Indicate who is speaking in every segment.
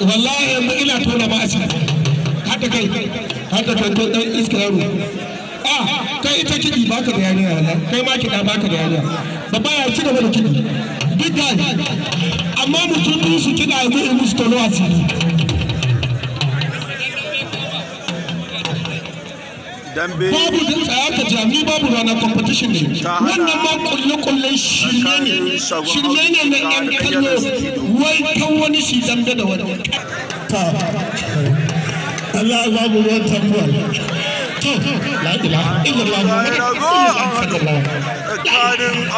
Speaker 1: wallahi yanzu ina tona ma asiri Hata kai hata kai to dan iska yaro ah kai ita kiɗi baka da yariya wallahi kai ma kiɗa baka da yariya babba ya ci gaba da kiɗi big guy amma mutum biyu su kiɗa yanzu in musu tono asiri dambe babu da ni babu rana competition ne wannan ma kulle kullen shirme ne shirme ne na yan kallo wai kan wani shi dambe da wani ta Allah babu ruwan tambuwa to la ilaha illallah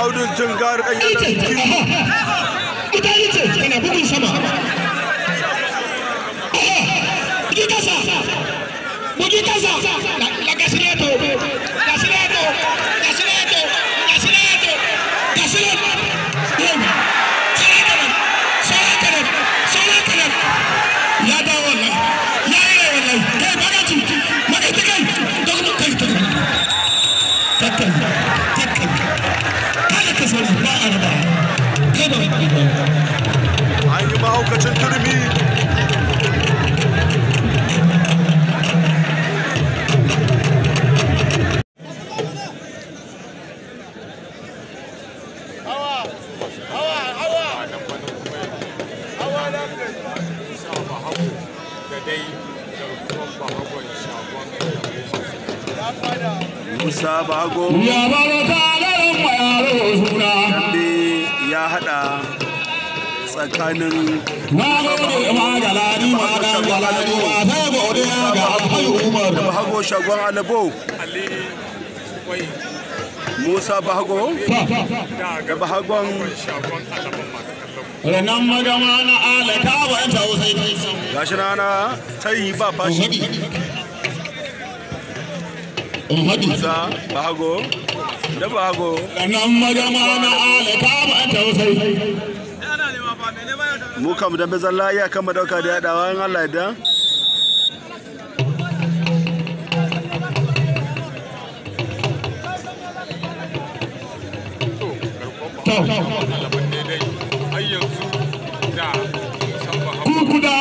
Speaker 1: audun tungar ita ce bugun sama mahaukacin turmi Musa Bago ya haɗa tsakanin bahago shagon alabo musa bahago da bahagon renan magama na ala ta ba alata wani tausai gashi rana ta yi ba fashi musa bahago da bahago renan magama na ala ta ba alata wani tausai mu kam da zalla iya kan madauka da yadawa in Allah ya Kukuda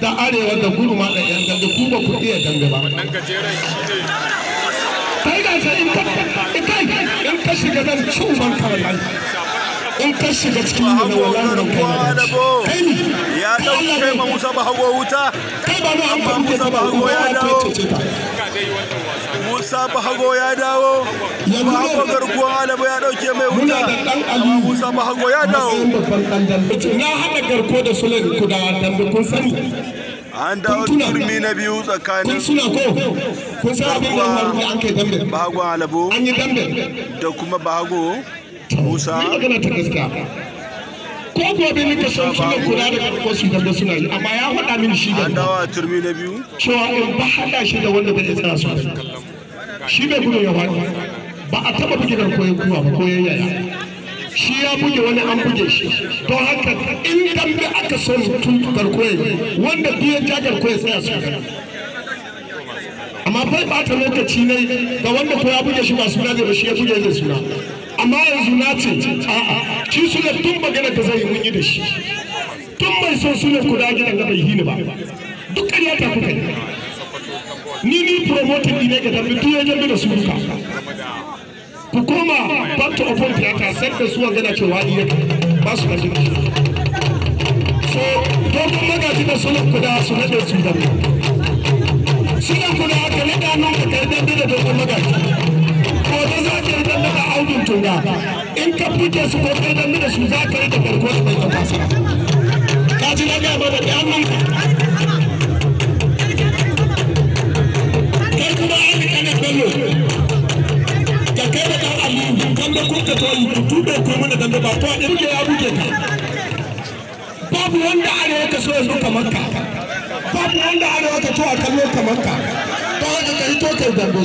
Speaker 1: da arewa da guruma da yan dambe ku ba ku iya dambe ba. Wannan gajeren shi ne. Kai ga in ka shiga zan cin ban kawai. in ka shiga cikin kai ya Musa an ba Musa ya dawo Musa ya dawo ya Musa ya dawo ya dawo turmi na biyu tsakanin kun san abin da an kai dambe bahago alabo an yi dambe da kuma bahago Musa ni magana ta gaskiya ko gobe ni ka san suna kula da karko su da suna yi amma ya faɗa min shi da dawa turmi na biyu cewa in ba hada shi da wanda bai tsaya su shi bai gudu ya faɗi ba a taba buge garko ya kuwa ba ko yaya shi ya buge wani an buge shi to haka in dambe aka so mutum garko wanda biyan ja garko ya tsaya su amma bai bata lokaci ne ga wanda ko ya buge shi ba suna zai ba shi ya buge zai suna amma yanzu na ce a'a shi suna tun magana da zai mun yi da shi tun mai so suna ku da gidan da bai hini ba duk ƙarya ta kuka yi. ni ni promoter ne ga dambe duk ya dambe da su duka ku koma back to open theater sai da su gana na cewa ni yake ba su kashe so dogon magaji da suna ku da su nade su dambe suna ku da aka nada nan da kai da dogon magaji ko da za ka yi da albin tunga in ka fute su ko kai dan da su za ka rike farko da fasa ka ji daga ba da kai kuma an kana bello da kai da dan aliyu dan da kuka yi tudo ko mana dan da ba ko ke ya buke ka babu wanda arewa ka so yanzu kamar ka babu wanda arewa ka to a kallo kamar ka ta ka yi to kai dambe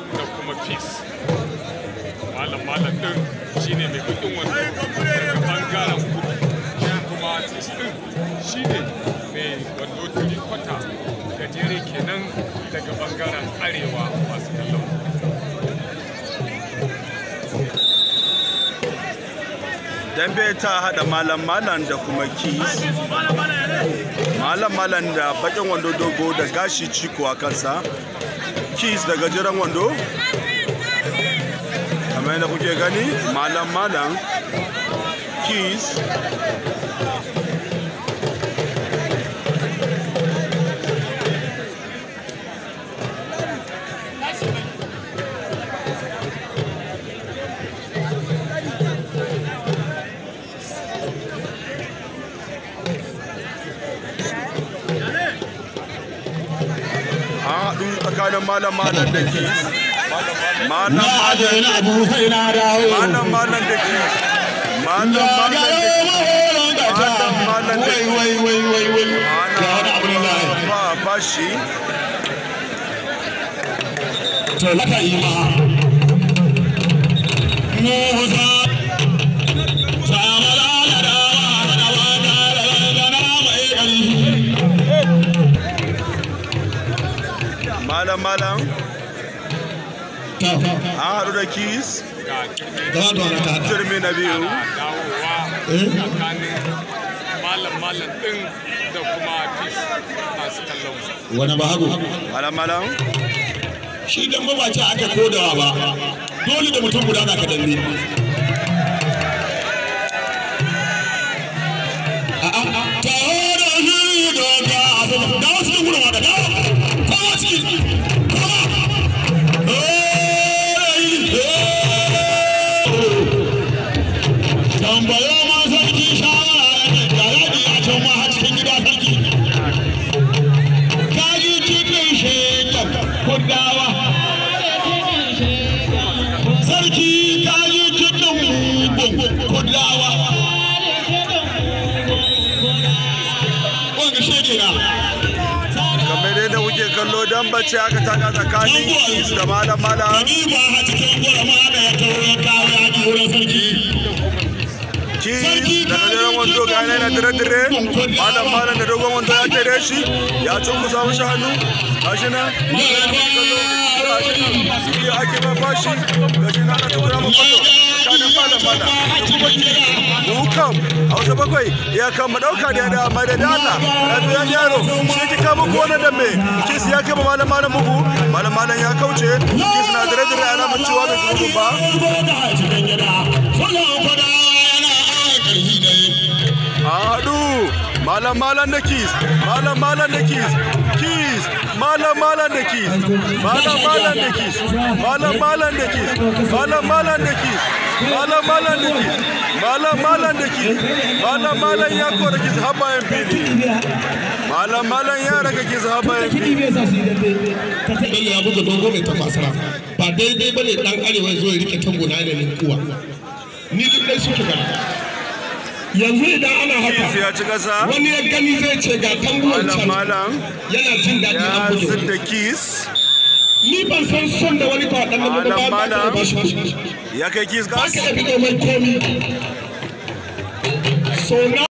Speaker 1: da kuma peace malam malam din shine mai kudin wani daga kudi kudu kuma peace din shine mai wando tiri kwata jere kenan daga bangaren arewa masu kallon dambe ta hada malam malam da kuma kis malam malam da bakin wando dogo da gashi ciko a kansa kis daga gajeren wando kamar yadda kuke gani malam malam kis tsakanin malam malam da ke malam malam malam da ke malam malam da ke malam malam da ke wai wai wai wai wai ba shi to laka yi ma to a haɗu da kis da za da wani da haɗa jirmi na da eh? malam malam ɗin da kuma kis masu da wani ba hagu malam malam da dan ba ce aka kodawa ba dole da mutum da na kadanni nan bacci aka taka tsakanin da malam malam jiki da gajeren wando ga yana dire-dire malam malam da dogon wando ya tere shi ya cunkusa mashi hannu gashi nan gashi nan ake ba fashi gashi nan ana tukura ma kwallo tsakanin fada-fada da kuma kiri hukan a wasu bakwai ya kama dauka da yada mai da dala rabiyan yaro shi ki kama wani da me kis ya kama malam malam muku malam malam ya kauce kis na dire dire ana macewa bai kuma ba malam malam da keys malam malam da keys keys malam malam da keys malam malam da keys malam malam da keys malam malam da keys malam malam da keys malam malam da keys malam malam ya kora keys haba yan fili malam malam ya raga keys haba yan fili ya buga dogo mai tafasara ba daidai bane dan arewa zo ya rike tango na da ni duk dai suke yanzu idan ana haka wani ya gani zai ce ga tambuwan can yana jin daɗi a kudu ni ban san son da wani kawai ɗan namu ba ba ba shi ya kai kis gas ba ka ba domin komi so